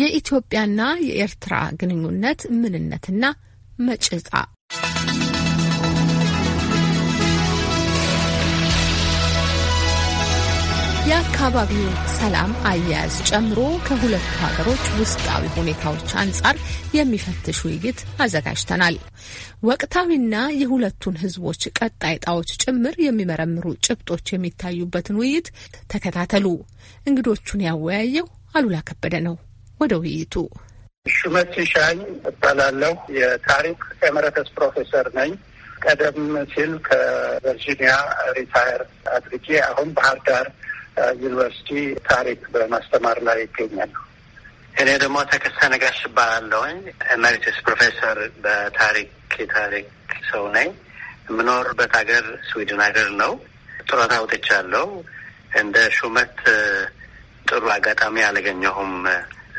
የኢትዮጵያና የኤርትራ ግንኙነት ምንነትና መጭጣ የአካባቢው ሰላም አያያዝ ጨምሮ ከሁለቱ ሀገሮች ውስጣዊ ሁኔታዎች አንጻር የሚፈትሽ ውይይት አዘጋጅተናል። ወቅታዊና የሁለቱን ሕዝቦች ቀጣይ ጣዎች ጭምር የሚመረምሩ ጭብጦች የሚታዩበትን ውይይት ተከታተሉ። እንግዶቹን ያወያየው አሉላ ከበደ ነው። ወደ ውይይቱ። ሹመት ሻይ እባላለሁ። የታሪክ ኤምረተስ ፕሮፌሰር ነኝ። ቀደም ሲል ከቨርጂኒያ ሪታየር አድርጌ አሁን ባህር ዳር ዩኒቨርሲቲ ታሪክ በማስተማር ላይ ይገኛሉ። እኔ ደግሞ ተከሳ ነጋሽ እባላለሁኝ። ኤመሪትስ ፕሮፌሰር በታሪክ የታሪክ ሰው ነኝ። የምኖርበት ሀገር ስዊድን ሀገር ነው። ጡረታ ወጥቻለሁ። እንደ ሹመት ጥሩ አጋጣሚ አላገኘሁም።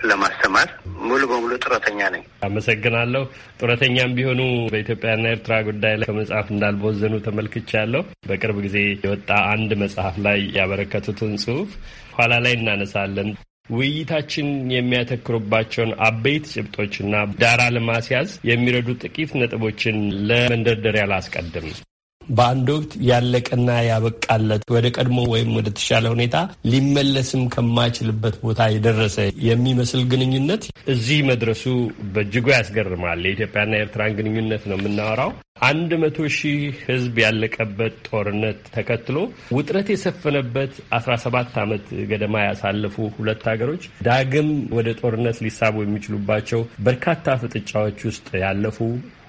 ለማስተማር ሙሉ በሙሉ ጡረተኛ ነኝ። አመሰግናለሁ። ጡረተኛም ቢሆኑ በኢትዮጵያና ኤርትራ ጉዳይ ላይ ከመጽሐፍ እንዳልቦዘኑ ተመልክቻለሁ። በቅርብ ጊዜ የወጣ አንድ መጽሐፍ ላይ ያበረከቱትን ጽሁፍ ኋላ ላይ እናነሳለን። ውይይታችን የሚያተክሩባቸውን አበይት ጭብጦችና ዳራ ለማስያዝ የሚረዱ ጥቂት ነጥቦችን ለመንደርደሪያ ላስቀድም። በአንድ ወቅት ያለቀና ያበቃለት ወደ ቀድሞ ወይም ወደ ተሻለ ሁኔታ ሊመለስም ከማይችልበት ቦታ የደረሰ የሚመስል ግንኙነት እዚህ መድረሱ በእጅጉ ያስገርማል። የኢትዮጵያና የኤርትራን ግንኙነት ነው የምናወራው። አንድ መቶ ሺህ ህዝብ ያለቀበት ጦርነት ተከትሎ ውጥረት የሰፈነበት አስራ ሰባት ዓመት ገደማ ያሳለፉ ሁለት ሀገሮች ዳግም ወደ ጦርነት ሊሳቡ የሚችሉባቸው በርካታ ፍጥጫዎች ውስጥ ያለፉ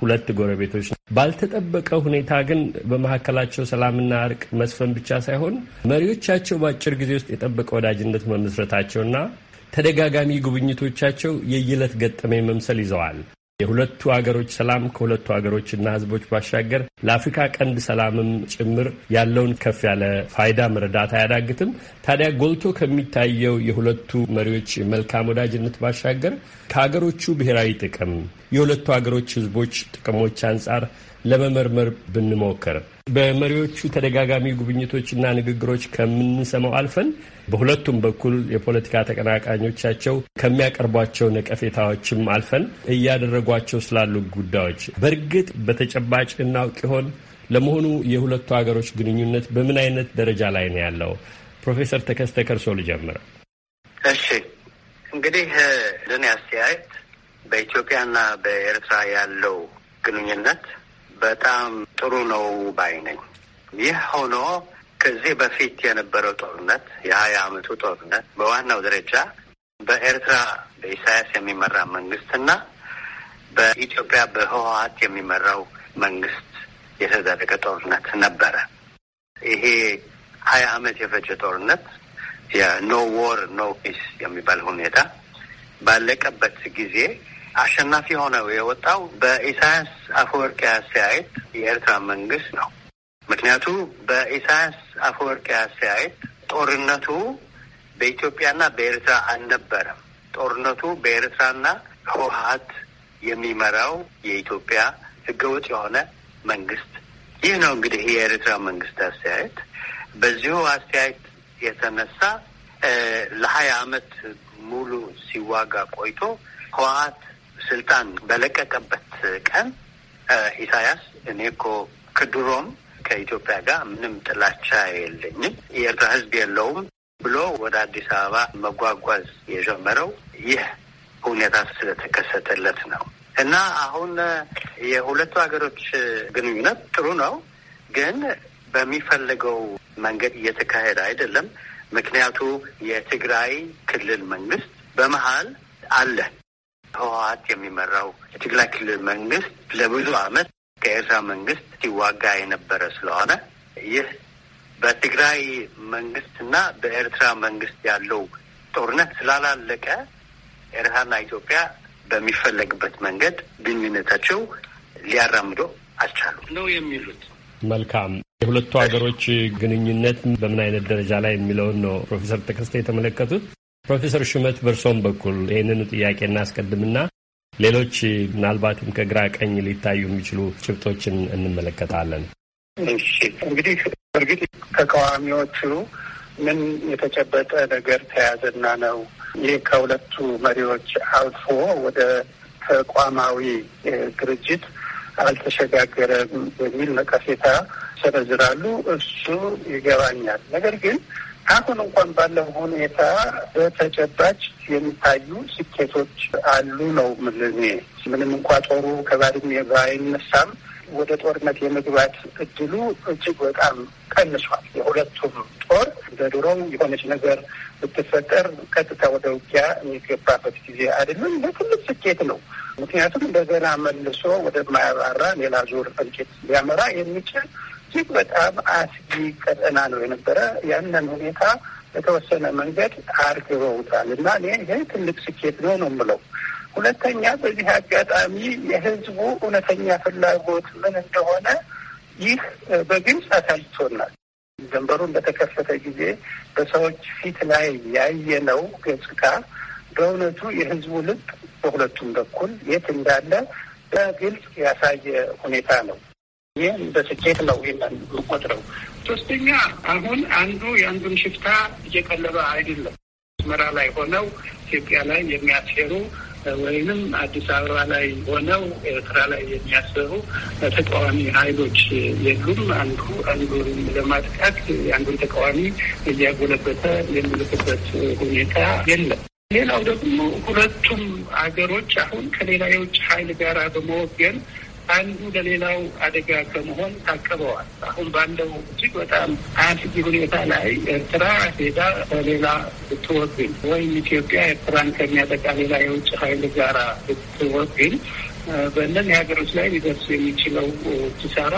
ሁለት ጎረቤቶች፣ ባልተጠበቀ ሁኔታ ግን በመካከላቸው ሰላምና እርቅ መስፈን ብቻ ሳይሆን መሪዎቻቸው በአጭር ጊዜ ውስጥ የጠበቀ ወዳጅነት መመስረታቸውና ተደጋጋሚ ጉብኝቶቻቸው የየዕለት ገጠመኝ መምሰል ይዘዋል። የሁለቱ ሀገሮች ሰላም ከሁለቱ ሀገሮችና ህዝቦች ባሻገር ለአፍሪካ ቀንድ ሰላምም ጭምር ያለውን ከፍ ያለ ፋይዳ መረዳት አያዳግትም። ታዲያ ጎልቶ ከሚታየው የሁለቱ መሪዎች መልካም ወዳጅነት ባሻገር ከሀገሮቹ ብሔራዊ ጥቅም፣ የሁለቱ ሀገሮች ህዝቦች ጥቅሞች አንጻር ለመመርመር ብንሞክር በመሪዎቹ ተደጋጋሚ ጉብኝቶችና ንግግሮች ከምንሰማው አልፈን በሁለቱም በኩል የፖለቲካ ተቀናቃኞቻቸው ከሚያቀርቧቸው ነቀፌታዎችም አልፈን እያደረጓቸው ስላሉ ጉዳዮች በእርግጥ በተጨባጭ እናውቅ ይሆን? ለመሆኑ የሁለቱ ሀገሮች ግንኙነት በምን አይነት ደረጃ ላይ ነው ያለው? ፕሮፌሰር ተከስተ ከርሶ ልጀምር። እሺ እንግዲህ ለእኔ አስተያየት በኢትዮጵያና በኤርትራ ያለው ግንኙነት በጣም ጥሩ ነው ባይ ነኝ። ይህ ሆኖ ከዚህ በፊት የነበረው ጦርነት የሀያ አመቱ ጦርነት በዋናው ደረጃ በኤርትራ በኢሳያስ የሚመራ መንግስትና በኢትዮጵያ በህወሀት የሚመራው መንግስት የተደረገ ጦርነት ነበረ። ይሄ ሀያ አመት የፈጀ ጦርነት የኖ ዎር ኖ ፒስ የሚባል ሁኔታ ባለቀበት ጊዜ አሸናፊ ሆነው የወጣው በኢሳያስ አፈወርቂ አስተያየት የኤርትራ መንግስት ነው። ምክንያቱ በኢሳያስ አፈወርቂ አስተያየት ጦርነቱ በኢትዮጵያና በኤርትራ አልነበረም። ጦርነቱ በኤርትራና ህወሀት የሚመራው የኢትዮጵያ ህገወጥ የሆነ መንግስት ይህ ነው እንግዲህ የኤርትራ መንግስት አስተያየት። በዚሁ አስተያየት የተነሳ ለሀያ አመት ሙሉ ሲዋጋ ቆይቶ ህወሀት ስልጣን በለቀቀበት ቀን ኢሳያስ እኔ እኮ ከድሮም ከኢትዮጵያ ጋር ምንም ጥላቻ የለኝም፣ የኤርትራ ሕዝብ የለውም ብሎ ወደ አዲስ አበባ መጓጓዝ የጀመረው ይህ ሁኔታ ስለተከሰተለት ነው። እና አሁን የሁለቱ ሀገሮች ግንኙነት ጥሩ ነው፣ ግን በሚፈለገው መንገድ እየተካሄደ አይደለም። ምክንያቱ የትግራይ ክልል መንግስት በመሀል አለ ህወሀት የሚመራው የትግራይ ክልል መንግስት ለብዙ አመት ከኤርትራ መንግስት ሲዋጋ የነበረ ስለሆነ ይህ በትግራይ መንግስትና በኤርትራ መንግስት ያለው ጦርነት ስላላለቀ ኤርትራና ኢትዮጵያ በሚፈለግበት መንገድ ግንኙነታቸው ሊያራምዶ አልቻሉ ነው የሚሉት። መልካም። የሁለቱ ሀገሮች ግንኙነት በምን አይነት ደረጃ ላይ የሚለውን ነው ፕሮፌሰር ተከስተ የተመለከቱት። ፕሮፌሰር ሹመት በእርሶም በኩል ይህንን ጥያቄ እናስቀድምና ሌሎች ምናልባትም ከግራ ቀኝ ሊታዩ የሚችሉ ጭብጦችን እንመለከታለን። እሺ እንግዲህ እርግጥ ተቃዋሚዎቹ ምን የተጨበጠ ነገር ተያዘና ነው ይህ ከሁለቱ መሪዎች አልፎ ወደ ተቋማዊ ድርጅት አልተሸጋገረም የሚል ነቀፌታ ሰነዝራሉ። እሱ ይገባኛል። ነገር ግን አሁን እንኳን ባለው ሁኔታ በተጨባጭ የሚታዩ ስኬቶች አሉ ነው ምልኔ። ምንም እንኳ ጦሩ ከባድሜ ባይነሳም ወደ ጦርነት የመግባት እድሉ እጅግ በጣም ቀንሷል። የሁለቱም ጦር በድሮው የሆነች ነገር ብትፈጠር ቀጥታ ወደ ውጊያ የሚገባበት ጊዜ አይደለም። ለትልቅ ስኬት ነው። ምክንያቱም እንደገና መልሶ ወደማያባራ ሌላ ዙር እልቂት ሊያመራ የሚችል እጅግ በጣም አስጊ ቀጠና ነው የነበረ። ያንን ሁኔታ በተወሰነ መንገድ አርግበውታል እና እኔ ይሄ ትልቅ ስኬት ነው ነው የምለው። ሁለተኛ በዚህ አጋጣሚ የህዝቡ እውነተኛ ፍላጎት ምን እንደሆነ ይህ በግልጽ አሳይቶናል። ድንበሩን በተከፈተ ጊዜ በሰዎች ፊት ላይ ያየነው ገጽታ በእውነቱ የህዝቡ ልብ በሁለቱም በኩል የት እንዳለ በግልጽ ያሳየ ሁኔታ ነው። ይህም በስኬት ነው የምቆጥረው። ሶስተኛ አሁን አንዱ የአንዱን ሽፍታ እየቀለበ አይደለም። አስመራ ላይ ሆነው ኢትዮጵያ ላይ የሚያስሄሩ ወይንም አዲስ አበባ ላይ ሆነው ኤርትራ ላይ የሚያሰሩ ተቃዋሚ ኃይሎች የሉም። አንዱ አንዱን ለማጥቃት የአንዱን ተቃዋሚ እያጎለበተ የሚልክበት ሁኔታ የለም። ሌላው ደግሞ ሁለቱም አገሮች አሁን ከሌላ የውጭ ኃይል ጋር በመወገን አንዱ ለሌላው አደጋ ከመሆን ታቅበዋል። አሁን ባለው እጅግ በጣም አስጊ ሁኔታ ላይ ኤርትራ ሄዳ ሌላ ብትወግን ወይም ኢትዮጵያ ኤርትራን ከሚያጠቃ ሌላ የውጭ ኃይል ጋራ ብትወግን በእነዚህ ሀገሮች ላይ ሊደርሱ የሚችለው ኪሳራ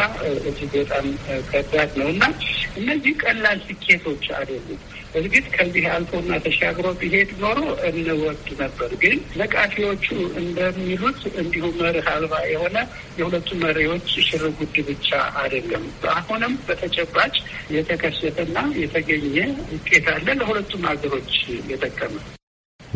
እጅግ በጣም ከባድ ነው እና እነዚህ ቀላል ስኬቶች አይደሉም። እርግጥ ከዚህ አልፎና ተሻግሮ ቢሄድ ኖሮ እንወድ ነበር። ግን ነቃፊዎቹ እንደሚሉት እንዲሁ መርህ አልባ የሆነ የሁለቱ መሪዎች ሽርጉድ ብቻ አይደለም። አሁንም በተጨባጭ የተከሰተና የተገኘ ውጤት አለ፣ ለሁለቱም ሀገሮች የጠቀመ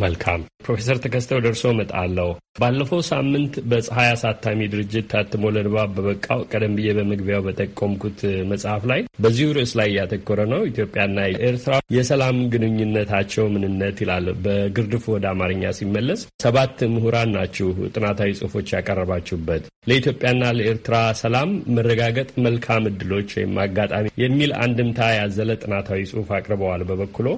መልካም ፕሮፌሰር ተከስተው ደርሶ መጣለው። ባለፈው ሳምንት በፀሐይ አሳታሚ ድርጅት ታትሞ ለንባብ በበቃው ቀደም ብዬ በመግቢያው በጠቆምኩት መጽሐፍ ላይ በዚሁ ርዕስ ላይ እያተኮረ ነው። ኢትዮጵያና ኤርትራ የሰላም ግንኙነታቸው ምንነት ይላል በግርድፉ ወደ አማርኛ ሲመለስ። ሰባት ምሁራን ናችሁ ጥናታዊ ጽሁፎች ያቀረባችሁበት ለኢትዮጵያና ለኤርትራ ሰላም መረጋገጥ መልካም እድሎች ወይም አጋጣሚ የሚል አንድምታ ያዘለ ጥናታዊ ጽሁፍ አቅርበዋል። በበኩሎ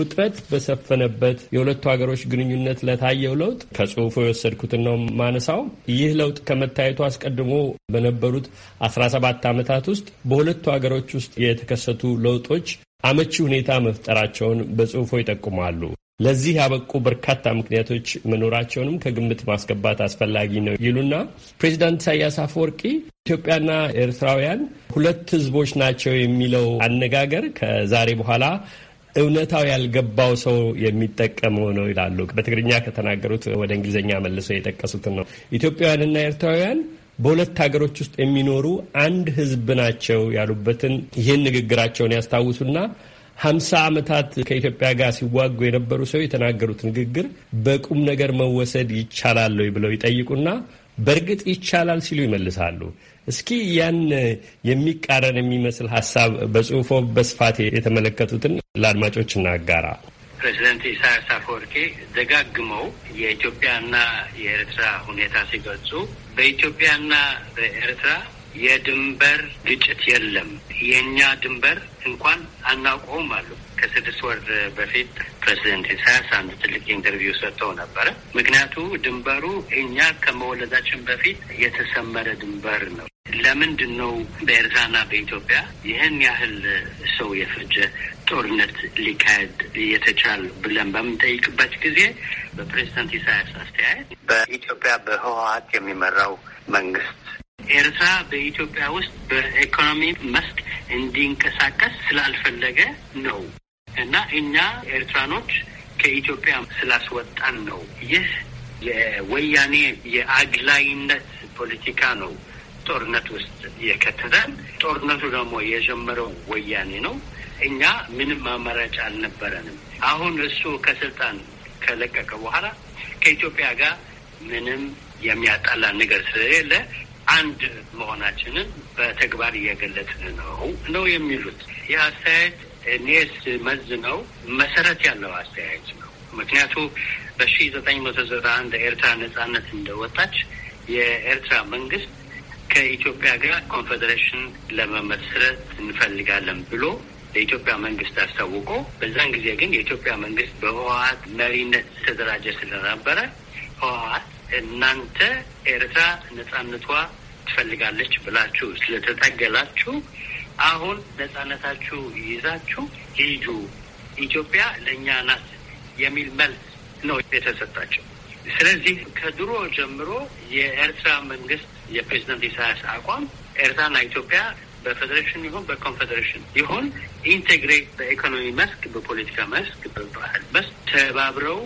ውጥረት በሰፈነበት የሁለቱ ነገሮች ግንኙነት ለታየው ለውጥ ከጽሁፉ የወሰድኩትን ነው ማነሳው። ይህ ለውጥ ከመታየቱ አስቀድሞ በነበሩት 17 ዓመታት ውስጥ በሁለቱ ሀገሮች ውስጥ የተከሰቱ ለውጦች አመቺ ሁኔታ መፍጠራቸውን በጽሁፎ ይጠቁማሉ። ለዚህ ያበቁ በርካታ ምክንያቶች መኖራቸውንም ከግምት ማስገባት አስፈላጊ ነው ይሉና ፕሬዚዳንት ኢሳያስ አፈወርቂ ኢትዮጵያና ኤርትራውያን ሁለት ህዝቦች ናቸው የሚለው አነጋገር ከዛሬ በኋላ እውነታው ያልገባው ሰው የሚጠቀመው ነው ይላሉ። በትግርኛ ከተናገሩት ወደ እንግሊዝኛ መልሰው የጠቀሱትን ነው። ኢትዮጵያውያንና ኤርትራውያን በሁለት ሀገሮች ውስጥ የሚኖሩ አንድ ሕዝብ ናቸው ያሉበትን ይህን ንግግራቸውን ያስታውሱና ሀምሳ ዓመታት ከኢትዮጵያ ጋር ሲዋጉ የነበሩ ሰው የተናገሩት ንግግር በቁም ነገር መወሰድ ይቻላል ብለው ይጠይቁና በእርግጥ ይቻላል ሲሉ ይመልሳሉ። እስኪ ያን የሚቃረን የሚመስል ሀሳብ በጽሁፎ በስፋት የተመለከቱትን ለአድማጮች እናጋራ። ፕሬዚደንት ኢሳያስ አፈወርቂ ደጋግመው የኢትዮጵያና የኤርትራ ሁኔታ ሲገልጹ በኢትዮጵያና በኤርትራ የድንበር ግጭት የለም፣ የእኛ ድንበር እንኳን አናውቀውም አሉ። ከስድስት ወር በፊት ፕሬዚደንት ኢሳያስ አንድ ትልቅ ኢንተርቪው ሰጥተው ነበረ። ምክንያቱ ድንበሩ እኛ ከመወለዳችን በፊት የተሰመረ ድንበር ነው። ለምንድን ነው በኤርትራና በኢትዮጵያ ይህን ያህል ሰው የፈጀ ጦርነት ሊካሄድ እየተቻለ ብለን በምንጠይቅበት ጊዜ በፕሬዚዳንት ኢሳያስ አስተያየት በኢትዮጵያ በህወሀት የሚመራው መንግስት ኤርትራ በኢትዮጵያ ውስጥ በኢኮኖሚ መስክ እንዲንቀሳቀስ ስላልፈለገ ነው እና እኛ ኤርትራኖች ከኢትዮጵያ ስላስወጣን ነው። ይህ የወያኔ የአግላይነት ፖለቲካ ነው። ጦርነት ውስጥ የከተተን። ጦርነቱ ደግሞ የጀመረው ወያኔ ነው። እኛ ምንም አማራጭ አልነበረንም። አሁን እሱ ከስልጣን ከለቀቀ በኋላ ከኢትዮጵያ ጋር ምንም የሚያጣላ ነገር ስለሌለ አንድ መሆናችንን በተግባር እየገለጽን ነው ነው የሚሉት። ይህ አስተያየት እኔ ስመዝነው መሰረት ያለው አስተያየት ነው። ምክንያቱ በሺ ዘጠኝ መቶ ዘጠና አንድ ኤርትራ ነጻነት እንደወጣች የኤርትራ መንግስት ከኢትዮጵያ ጋር ኮንፌዴሬሽን ለመመስረት እንፈልጋለን ብሎ ለኢትዮጵያ መንግስት አስታውቆ፣ በዛን ጊዜ ግን የኢትዮጵያ መንግስት በህወሀት መሪነት ተደራጀ ስለነበረ ህወሀት እናንተ ኤርትራ ነጻነቷ ትፈልጋለች ብላችሁ ስለተታገላችሁ አሁን ነጻነታችሁ ይዛችሁ ሂዱ፣ ኢትዮጵያ ለእኛ ናት የሚል መልስ ነው የተሰጣቸው። ስለዚህ ከድሮ ጀምሮ የኤርትራ መንግስት የፕሬዚደንት ኢሳያስ አቋም ኤርትራና ኢትዮጵያ በፌዴሬሽን ይሁን በኮንፌዴሬሽን ይሁን ኢንቴግሬት በኢኮኖሚ መስክ፣ በፖለቲካ መስክ፣ በባህል መስክ ተባብረው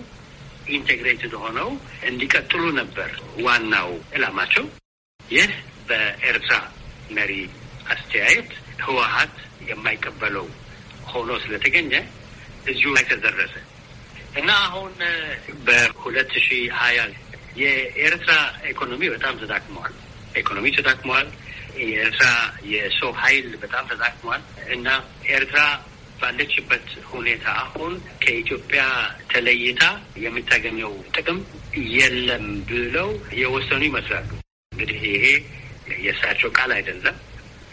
ኢንቴግሬትድ ሆነው እንዲቀጥሉ ነበር ዋናው ዕላማቸው። ይህ በኤርትራ መሪ አስተያየት ህወሀት የማይቀበለው ሆኖ ስለተገኘ እዚሁ ላይ ተደረሰ እና አሁን በሁለት ሺህ ሀያ የኤርትራ ኢኮኖሚ በጣም ተዳክመዋል። ኢኮኖሚ ተዳክመዋል። የኤርትራ የሰው ኃይል በጣም ተዳክመዋል እና ኤርትራ ባለችበት ሁኔታ አሁን ከኢትዮጵያ ተለይታ የምታገኘው ጥቅም የለም ብለው የወሰኑ ይመስላሉ። እንግዲህ ይሄ የእሳቸው ቃል አይደለም፣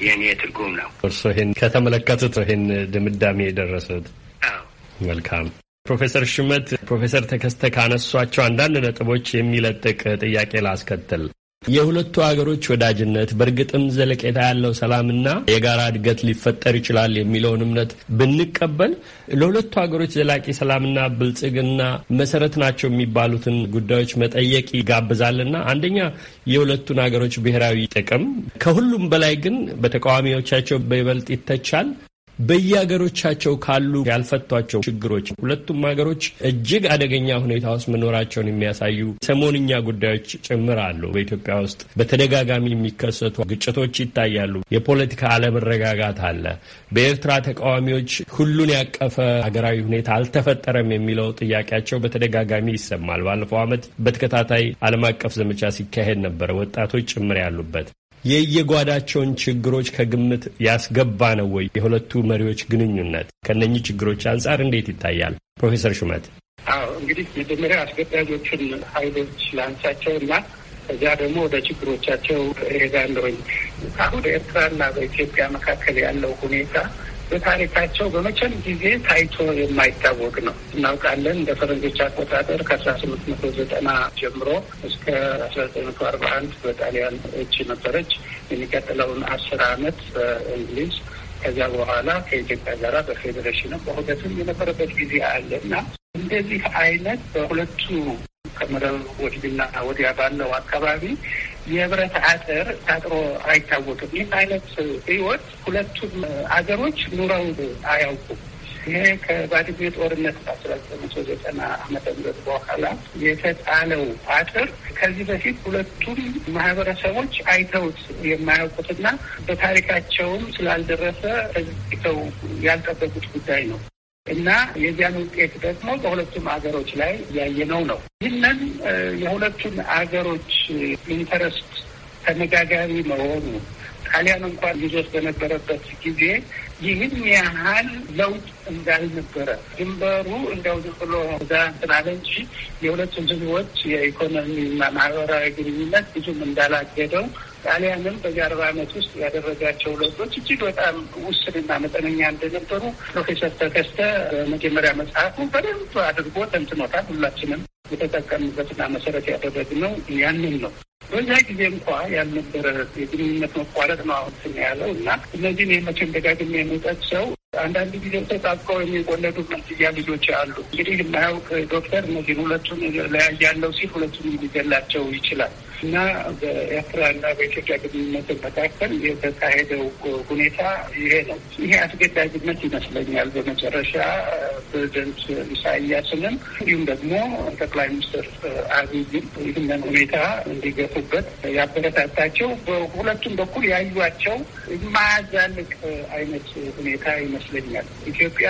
የእኔ ትርጉም ነው። እርስዎ ይህን ከተመለከቱት ነው ይህን ድምዳሜ የደረሱት? መልካም ፕሮፌሰር ሹመት ፕሮፌሰር ተከስተ ካነሷቸው አንዳንድ ነጥቦች የሚለጥቅ ጥያቄ ላስከትል። የሁለቱ ሀገሮች ወዳጅነት በእርግጥም ዘለቄታ ያለው ሰላምና የጋራ እድገት ሊፈጠር ይችላል የሚለውን እምነት ብንቀበል ለሁለቱ ሀገሮች ዘላቂ ሰላምና ብልጽግና መሰረት ናቸው የሚባሉትን ጉዳዮች መጠየቅ ይጋብዛልና አንደኛ የሁለቱን ሀገሮች ብሔራዊ ጥቅም ከሁሉም በላይ ግን በተቃዋሚዎቻቸው በይበልጥ ይተቻል። በየሀገሮቻቸው ካሉ ያልፈቷቸው ችግሮች ሁለቱም ሀገሮች እጅግ አደገኛ ሁኔታ ውስጥ መኖራቸውን የሚያሳዩ ሰሞንኛ ጉዳዮች ጭምር አሉ። በኢትዮጵያ ውስጥ በተደጋጋሚ የሚከሰቱ ግጭቶች ይታያሉ። የፖለቲካ አለመረጋጋት አለ። በኤርትራ ተቃዋሚዎች ሁሉን ያቀፈ ሀገራዊ ሁኔታ አልተፈጠረም የሚለው ጥያቄያቸው በተደጋጋሚ ይሰማል። ባለፈው ዓመት በተከታታይ ዓለም አቀፍ ዘመቻ ሲካሄድ ነበረ፣ ወጣቶች ጭምር ያሉበት የየጓዳቸውን ችግሮች ከግምት ያስገባ ነው ወይ? የሁለቱ መሪዎች ግንኙነት ከነኚህ ችግሮች አንጻር እንዴት ይታያል? ፕሮፌሰር ሹመት። አዎ እንግዲህ መጀመሪያ አስገዳጆችን ኃይሎች ላንሳቸው እና ከዚያ ደግሞ ወደ ችግሮቻቸው እሄዳለሁኝ። አሁን ኤርትራና በኢትዮጵያ መካከል ያለው ሁኔታ በታሪካቸው በመቼም ጊዜ ታይቶ የማይታወቅ ነው። እናውቃለን እንደ ፈረንጆች አቆጣጠር ከአስራ ስምንት መቶ ዘጠና ጀምሮ እስከ አስራ ዘጠኝ መቶ አርባ አንድ በጣሊያን እጅ ነበረች። የሚቀጥለውን አስር አመት በእንግሊዝ ከዚያ በኋላ ከኢትዮጵያ ጋራ በፌዴሬሽን በሁለትም የነበረበት ጊዜ አለ እና እንደዚህ አይነት በሁለቱ ከምዕራብ ወዲህና ወዲያ ባለው አካባቢ የህብረት አጥር ታጥሮ አይታወቅም። ይህ አይነት ህይወት ሁለቱም አገሮች ኑረው አያውቁም። ይሄ ከባድሜ ጦርነት በአስራ ዘጠኝ መቶ ዘጠና አመተ ምህረት በኋላ የተጣለው አጥር ከዚህ በፊት ሁለቱም ማህበረሰቦች አይተውት የማያውቁትና በታሪካቸውም ስላልደረሰ ተዘግተው ያልጠበቁት ጉዳይ ነው። እና የዚያን ውጤት ደግሞ በሁለቱም ሀገሮች ላይ ያየነው ነው። ይህንን የሁለቱም ሀገሮች ኢንተረስት ተነጋጋሪ መሆኑ ጣሊያን እንኳን ይዞት በነበረበት ጊዜ ይህን ያህል ለውጥ እንዳልነበረ ድንበሩ እንደው ዝም ብሎ እዛ እንትን አለ እንጂ የሁለቱም ህዝቦች የኢኮኖሚና ማህበራዊ ግንኙነት ብዙም እንዳላገደው ጣሊያንም በዚህ አርባ ዓመት ውስጥ ያደረጋቸው ለውጦች እጅግ በጣም ውስንና መጠነኛ እንደነበሩ ፕሮፌሰር ተከስተ በመጀመሪያ መጽሐፉ በደንብ አድርጎ ተንትኖታል። ሁላችንም የተጠቀምበትና መሰረት ያደረግነው ያንን ነው። በዛ ጊዜ እንኳ ያልነበረ የግንኙነት መቋረጥ ነው አሁን ያለው እና እነዚህን የመቼም ደጋግሜ የምጠቅሰው አንዳንድ ጊዜ ተጣብቀው የሚወለዱ መንትያ ልጆች አሉ። እንግዲህ የማያውቅ ዶክተር እነዚህን ሁለቱን ለያያለው ሲል ሁለቱን ሊገላቸው ይችላል እና በኤርትራና በኢትዮጵያ ግንኙነት መካከል የተካሄደው ሁኔታ ይሄ ነው። ይሄ አስገዳጅነት ይመስለኛል። በመጨረሻ ፕሬዚደንት ኢሳያስንም እንዲሁም ደግሞ ጠቅላይ ሚኒስትር አብይን ይህንን ሁኔታ እንዲገፉበት ያበረታታቸው በሁለቱም በኩል ያዩቸው የማያዛልቅ አይነት ሁኔታ ይመስላል። ይመስለኛል። ኢትዮጵያ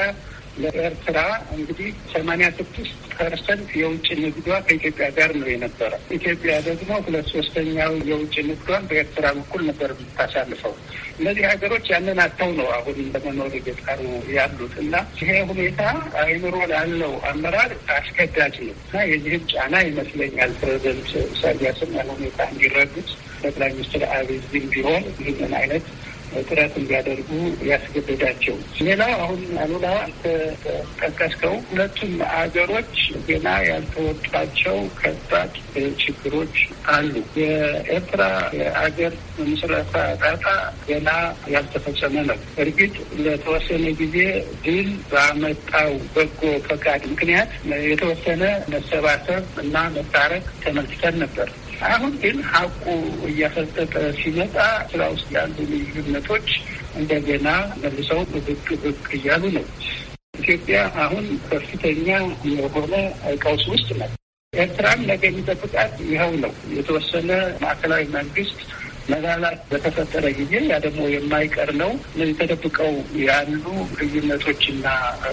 ለኤርትራ እንግዲህ ሰማንያ ስድስት ፐርሰንት የውጭ ንግዷ ከኢትዮጵያ ጋር ነው የነበረ። ኢትዮጵያ ደግሞ ሁለት ሶስተኛው የውጭ ንግዷን በኤርትራ በኩል ነበር የምታሳልፈው። እነዚህ ሀገሮች ያንን አተው ነው አሁን ለመኖር እየጣሩ ያሉት እና ይሄ ሁኔታ አይምሮ ላለው አመራር አስገዳጅ ነው እና የዚህም ጫና ይመስለኛል ፕሬዚደንት ኢሳያስን ሁኔታ እንዲረዱት ጠቅላይ ሚኒስትር አብይም ቢሆን ይህንን አይነት ጥረት እንዲያደርጉ ያስገደዳቸው። ሌላ አሁን አሉላ ጠቀስከው ሁለቱም አገሮች ገና ያልተወጣቸው ከባድ ችግሮች አሉ። የኤርትራ የአገር ምስረታ ጣጣ ገና ያልተፈጸመ ነው። እርግጥ ለተወሰነ ጊዜ ድል ባመጣው በጎ ፈቃድ ምክንያት የተወሰነ መሰባሰብ እና መታረቅ ተመልክተን ነበር። አሁን ግን ሀቁ እያፈጠጠ ሲመጣ ስራ ውስጥ ያሉ ልዩነቶች እንደገና መልሰው ብቅ ብቅ እያሉ ነው። ኢትዮጵያ አሁን ከፍተኛ የሆነ ቀውስ ውስጥ ነው። ኤርትራን ነገ የሚጠብቃት ይኸው ነው። የተወሰነ ማዕከላዊ መንግስት መላላት በተፈጠረ ጊዜ ያ ደግሞ የማይቀር ነው። እነዚህ ተደብቀው ያሉ ልዩነቶችና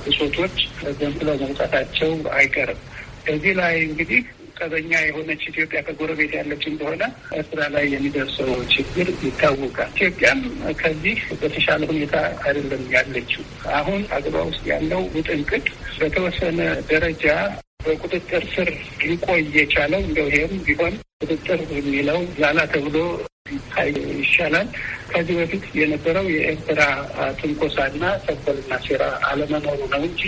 ብሶቶች ዘንብለው መውጣታቸው አይቀርም። እዚህ ላይ እንግዲህ ቀበኛ የሆነች ኢትዮጵያ ከጎረቤት ያለች እንደሆነ ኤርትራ ላይ የሚደርሰው ችግር ይታወቃል። ኢትዮጵያም ከዚህ በተሻለ ሁኔታ አይደለም ያለችው። አሁን አገባ ውስጥ ያለው ውጥንቅጥ በተወሰነ ደረጃ በቁጥጥር ስር ሊቆይ የቻለው እንደው ቢሆን ቁጥጥር የሚለው ዛላ ተብሎ ሊታይ ይሻላል። ከዚህ በፊት የነበረው የኤርትራ ትንኮሳና ሰበልና ሴራ አለመኖሩ ነው እንጂ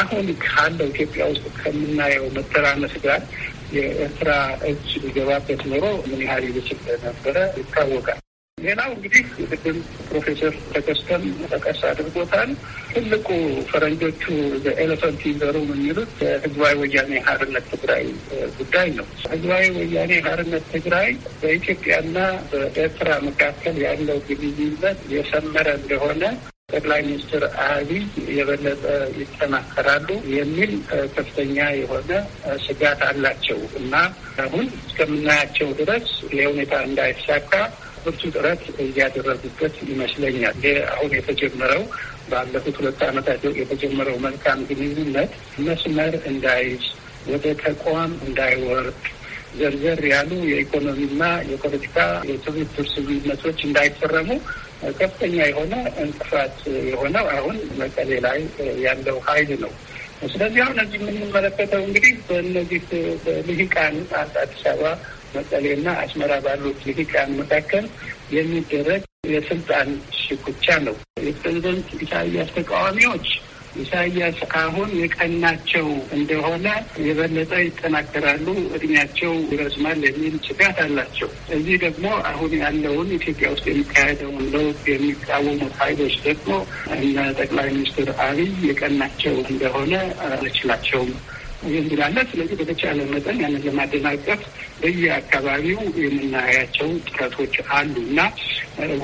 አሁን ካለው ኢትዮጵያ ውስጥ ከምናየው መተራመስ ጋር የኤርትራ እጅ ሊገባበት ኖሮ ምን ያህል ይብስ ነበረ ይታወቃል። ሌላው እንግዲህ ቅድም ፕሮፌሰር ተከስተም ጠቀስ አድርጎታል። ትልቁ ፈረንጆቹ ኤሌፈንት ዘሩም የሚሉት ህዝባዊ ወያኔ ሀርነት ትግራይ ጉዳይ ነው። ህዝባዊ ወያኔ ሀርነት ትግራይ በኢትዮጵያና በኤርትራ መካከል ያለው ግንኙነት የሰመረ እንደሆነ ጠቅላይ ሚኒስትር አብይ የበለጠ ይጠናከራሉ የሚል ከፍተኛ የሆነ ስጋት አላቸው እና አሁን እስከምናያቸው ድረስ የሁኔታ ሁኔታ እንዳይሳካ ብርቱ ጥረት እያደረጉበት ይመስለኛል። አሁን የተጀመረው ባለፉት ሁለት ዓመታት የተጀመረው መልካም ግንኙነት መስመር እንዳይዝ ወደ ተቋም እንዳይወርቅ ዘርዘር ያሉ የኢኮኖሚና የፖለቲካ የትብብር ስምምነቶች እንዳይፈረሙ ከፍተኛ የሆነ እንቅፋት የሆነው አሁን መቀሌ ላይ ያለው ኃይል ነው። ስለዚህ አሁን እዚህ የምንመለከተው እንግዲህ በእነዚህ ልሂቃን አዲስ አበባ መቀሌና አስመራ ባሉት ልሂቃን መካከል የሚደረግ የስልጣን ሽኩቻ ነው። የፕሬዚደንት ኢሳያስ ተቃዋሚዎች ኢሳያስ አሁን የቀናቸው እንደሆነ የበለጠ ይጠናከራሉ፣ እድሜያቸው ይረዝማል የሚል ስጋት አላቸው። እዚህ ደግሞ አሁን ያለውን ኢትዮጵያ ውስጥ የሚካሄደውን ለውጥ የሚቃወሙት ኃይሎች ደግሞ እነ ጠቅላይ ሚኒስትር አብይ የቀናቸው እንደሆነ አልችላቸውም። ዝንብል አለ። ስለዚህ በተቻለ መጠን ያንን ለማደናቀፍ በየአካባቢው የምናያቸው ጥረቶች አሉ እና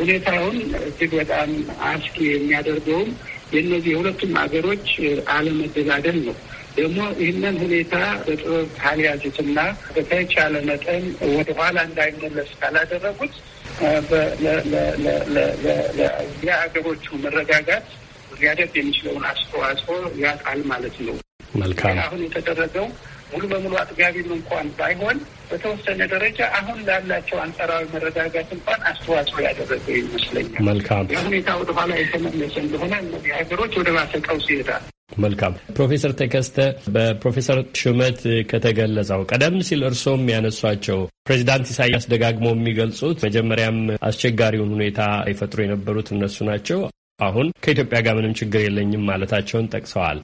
ሁኔታውን እጅግ በጣም አስጊ የሚያደርገውም የእነዚህ የሁለቱም ሀገሮች አለመደላደል ነው። ደግሞ ይህንን ሁኔታ በጥበብ ካልያዙትና በተቻለ መጠን ወደኋላ እንዳይመለስ ካላደረጉት የሀገሮቹ መረጋጋት ሊያደርግ የሚችለውን አስተዋጽኦ ያጣል ማለት ነው። መልካም አሁን የተደረገው ሙሉ በሙሉ አጥጋቢም እንኳን ባይሆን በተወሰነ ደረጃ አሁን ላላቸው አንጻራዊ መረጋጋት እንኳን አስተዋጽኦ ያደረገ ይመስለኛል። መልካም የሁኔታ ወደኋላ የተመለሰ እንደሆነ እነዚህ ሀገሮች ወደ ባሰ ቀውስ ይሄዳል። መልካም ፕሮፌሰር ተከስተ በፕሮፌሰር ሹመት ከተገለጸው ቀደም ሲል እርስዎም ያነሷቸው ፕሬዚዳንት ኢሳያስ ደጋግሞ የሚገልጹት መጀመሪያም አስቸጋሪውን ሁኔታ ይፈጥሩ የነበሩት እነሱ ናቸው። አሁን ከኢትዮጵያ ጋር ምንም ችግር የለኝም ማለታቸውን ጠቅሰዋል።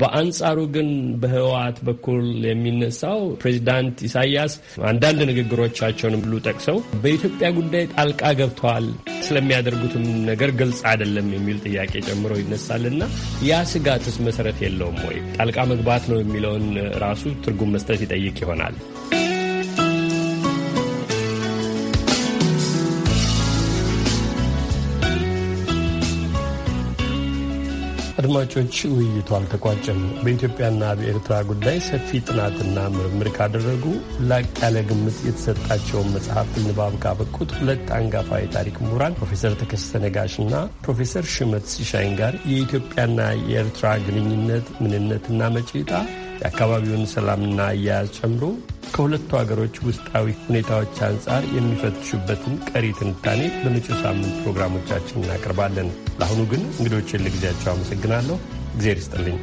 በአንጻሩ ግን በህወሓት በኩል የሚነሳው ፕሬዚዳንት ኢሳያስ አንዳንድ ንግግሮቻቸውን ብሉ ጠቅሰው በኢትዮጵያ ጉዳይ ጣልቃ ገብተዋል፣ ስለሚያደርጉትም ነገር ግልጽ አይደለም የሚል ጥያቄ ጨምሮ ይነሳልና ያ ስጋትስ መሰረት የለውም ወይ? ጣልቃ መግባት ነው የሚለውን ራሱ ትርጉም መስጠት ይጠይቅ ይሆናል። አድማጮች፣ ውይይቱ አልተቋጨም። በኢትዮጵያና በኤርትራ ጉዳይ ሰፊ ጥናትና ምርምር ካደረጉ ላቅ ያለ ግምት የተሰጣቸውን መጽሐፍ ንባብ ካበቁት ሁለት አንጋፋ የታሪክ ምሁራን ፕሮፌሰር ተከስተ ነጋሽና ፕሮፌሰር ሽመት ሲሻይን ጋር የኢትዮጵያና የኤርትራ ግንኙነት ምንነትና መጪጣ የአካባቢውን ሰላምና አያያዝ ጨምሮ ከሁለቱ ሀገሮች ውስጣዊ ሁኔታዎች አንጻር የሚፈትሹበትን ቀሪ ትንታኔ በመጪው ሳምንት ፕሮግራሞቻችን እናቀርባለን። ለአሁኑ ግን እንግዶችን ለጊዜያቸው አመሰግናለሁ። እግዜር ይስጥልኝ።